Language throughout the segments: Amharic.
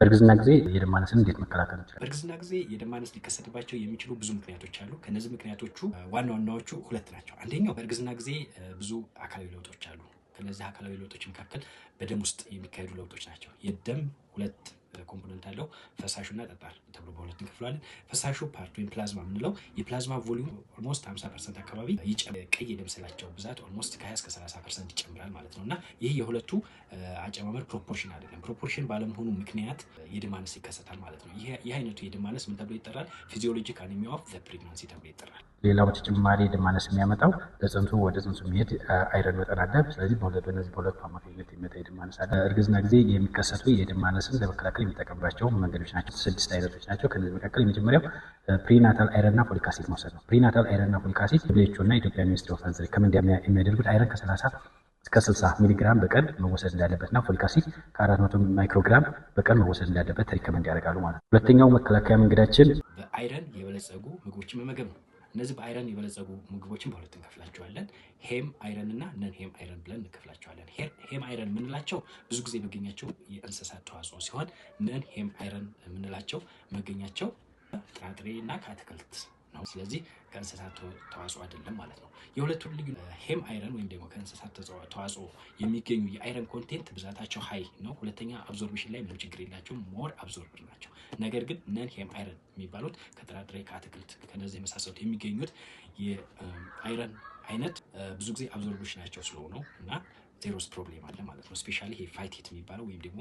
በእርግዝና ጊዜ የደም ማነስን እንዴት መከላከል ይችላል? በእርግዝና ጊዜ የደም ማነስ ሊከሰትባቸው የሚችሉ ብዙ ምክንያቶች አሉ። ከነዚህ ምክንያቶቹ ዋና ዋናዎቹ ሁለት ናቸው። አንደኛው በእርግዝና ጊዜ ብዙ አካላዊ ለውጦች አሉ። ከነዚህ አካላዊ ለውጦች መካከል በደም ውስጥ የሚካሄዱ ለውጦች ናቸው። የደም ሁለት ኮምፖነንት አለው። ፈሳሹና ጠጣር ተብሎ በሁለት እንከፍለዋለን። ፈሳሹ ፓርት ወይም ፕላዝማ የምንለው የፕላዝማ ቮሊዩም ኦልሞስት 50 ፐርሰንት አካባቢ ቀይ ደም ስላቸው ብዛት ኦልሞስት ከ20 እስከ 30 ፐርሰንት ይጨምራል ማለት ነው እና ይህ የሁለቱ አጨማመር ፕሮፖርሽን አይደለም። ፕሮፖርሽን ባለመሆኑ ምክንያት የደም ማነስ ይከሰታል ማለት ነው። ይህ አይነቱ የደም ማነስ ምን ተብሎ ይጠራል? ፊዚዮሎጂክ አኒሚያ ኦፍ ዘ ፕሬግናንሲ ተብሎ ይጠራል። ሌላው ተጨማሪ የደም ማነስ የሚያመጣው በጽንሱ ወደ ጽንሱ የሚሄድ አይረን መጠን አለ። ስለዚህ በሁለቱ በነዚህ በሁለቱ አማካኝነት የሚመጣ የደም ማነስ አለ። እርግዝና ጊዜ የሚከሰቱ የደም ማነስን ለመከላከል የምንጠቀምባቸው መንገዶች ናቸው። ስድስት አይነቶች ናቸው። ከነዚህ መካከል የመጀመሪያው ፕሪናታል አይረን እና ፎሊክ አሲድ መውሰድ ነው። ፕሪናታል አይረን እና ፎሊክ አሲድ ብሌቾ እና ኢትዮጵያ ሚኒስትሪ ኦፍ ሄልዝ ሪከመንድ የሚያደርጉት አይረን ከሰላሳ እስከ 60 ሚሊግራም በቀን መወሰድ እንዳለበት እና ፎሊክ አሲድ ከ400 ማይክሮግራም በቀን መወሰድ እንዳለበት ሪከመንድ ያደርጋሉ ማለት ነው። ሁለተኛው መከላከያ መንገዳችን በአይረን የበለጸጉ ምግቦችን መመገብ ነው። እነዚህ በአይረን የበለጸጉ ምግቦችን በሁለት እንከፍላቸዋለን። ሄም አይረን እና ነን ሄም አይረን ብለን እንከፍላቸዋለን። ሄም አይረን የምንላቸው ብዙ ጊዜ መገኛቸው የእንስሳት ተዋጽኦ ሲሆን ነን ሄም አይረን የምንላቸው መገኛቸው ጥራጥሬ እና ከአትክልት ነው። ስለዚህ ከእንስሳት ተዋጽኦ አይደለም ማለት ነው። የሁለቱን ልዩ ሄም አይረን ወይም ደግሞ ከእንስሳት ተዋጽኦ የሚገኙ የአይረን ኮንቴንት ብዛታቸው ሀይ ነው። ሁለተኛ አብዞርብሽን ላይ ምንም ችግር የላቸውም፣ ሞር አብዞርብር ናቸው። ነገር ግን ነን ሄም አይረን የሚባሉት ከጥራጥሬ፣ ከአትክልት ከነዚህ የመሳሰሉት የሚገኙት የአይረን አይነት ብዙ ጊዜ አብዞርብሽን ናቸው ስለሆነው እና ዜሮስ ፕሮብሌም አለ ማለት ነው። ስፔሻሊ ይሄ ፋይቲት የሚባለው ወይም ደግሞ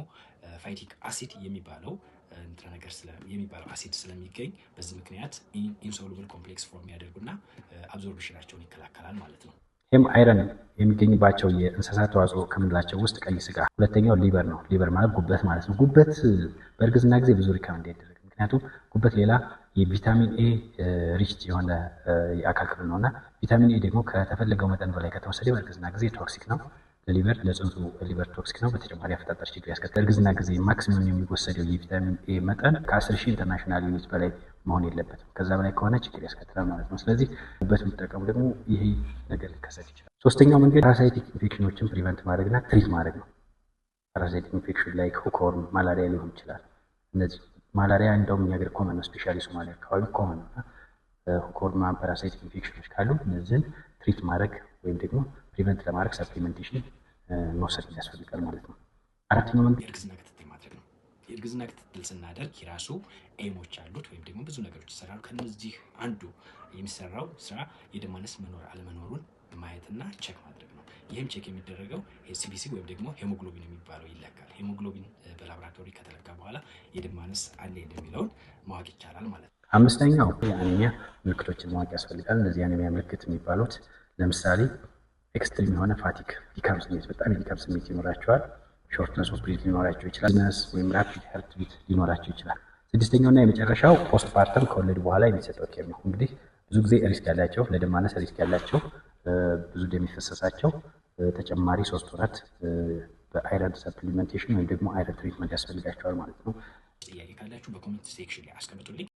ፋይቲክ አሲድ የሚባለው ንጥረ ነገር የሚባለው አሲድ ስለሚገኝ በዚህ ምክንያት ኢንሶሉብል ኮምፕሌክስ ፎርም ያደርጉና አብዞርብሽናቸውን ይከላከላል ማለት ነው። ይህም አይረን የሚገኝባቸው የእንስሳት ተዋጽኦ ከምንላቸው ውስጥ ቀይ ስጋ፣ ሁለተኛው ሊበር ነው። ሊበር ማለት ጉበት ማለት ነው። ጉበት በእርግዝና ጊዜ ብዙ ሪካም አይደረግም። ምክንያቱም ጉበት ሌላ የቪታሚን ኤ ሪች የሆነ የአካል ክፍል ነው እና ቪታሚን ኤ ደግሞ ከተፈለገው መጠን በላይ ከተወሰደ በእርግዝና ጊዜ ቶክሲክ ነው። ለሊቨር ለጽንሱ ሊቨር ቶክሲክ ነው። በተጨማሪ አፈጣጠር ችግር ያስከትል። እርግዝና ጊዜ ማክሲመም የሚወሰደው የቪታሚን ኤ መጠን ከአስር ሺህ ኢንተርናሽናል ዩኒት በላይ መሆን የለበትም። ከዛ በላይ ከሆነ ችግር ያስከትላል ማለት ነው። ስለዚህ በት የሚጠቀሙ ደግሞ ይሄ ነገር ሊከሰት ይችላል። ሶስተኛው መንገድ ፓራሳይቲክ ኢንፌክሽኖችን ፕሪቨንት ማድረግና ትሪት ማድረግ ነው። ፓራሳይቲክ ኢንፌክሽን ላይ ሁኮርም ማላሪያ ሊሆን ይችላል። እነዚህ ማላሪያ እንደውም እኛ ሀገር ኮመን ነው፣ ስፔሻሊ ሶማሊያ አካባቢ ኮመን ነው። ሁኮርማ ፓራሳይቲክ ኢንፌክሽኖች ካሉ እነዚህን ትሪት ማድረግ ወይም ደግሞ ፕሪቨንት ለማድረግ ሰፕሊመንቴሽን መውሰድ ያስፈልጋል ማለት ነው። አራተኛው መንገድ የእርግዝና ክትትል ማድረግ ነው። የእርግዝና ክትትል ስናደርግ የራሱ ኤሞች አሉት ወይም ደግሞ ብዙ ነገሮች ይሰራሉ። ከነዚህ አንዱ የሚሰራው ስራ የደም ማነስ መኖር አለመኖሩን ማየትና ቸክ ማድረግ ነው። ይህም ቼክ የሚደረገው ሲቢሲ ወይም ደግሞ ሄሞግሎቢን የሚባለው ይለካል። ሄሞግሎቢን በላቦራቶሪ ከተለካ በኋላ የደም ማነስ አለ የሚለውን ማወቅ ይቻላል ማለት ነው። አምስተኛው የአኒሚያ ምልክቶችን ማወቅ ያስፈልጋል። እነዚህ የአኒሚያ ምልክት የሚባሉት ለምሳሌ ኤክስትሪም የሆነ ፋቲክ ድካም ስሜት በጣም የድካም ስሜት ይኖራቸዋል። ሾርትነስ ኦፍ ብሬት ሊኖራቸው ይችላል። ነስ ወይም ራፒድ ሀርት ቢት ሊኖራቸው ይችላል። ስድስተኛውና የመጨረሻው ፖስት ፓርተም ከወለድ በኋላ የሚሰጠው ኬር ነው። እንግዲህ ብዙ ጊዜ ሪስክ ያላቸው ለደም ማነስ ሪስክ ያላቸው ብዙ ደም የሚፈሰሳቸው ተጨማሪ ሶስት ወራት በአይረን ሰፕሊመንቴሽን ወይም ደግሞ አይረን ትሪትመንት ያስፈልጋቸዋል ማለት ነው። ጥያቄ ካላችሁ በኮሜንት ሴክሽን ላይ አስቀምጡልኝ።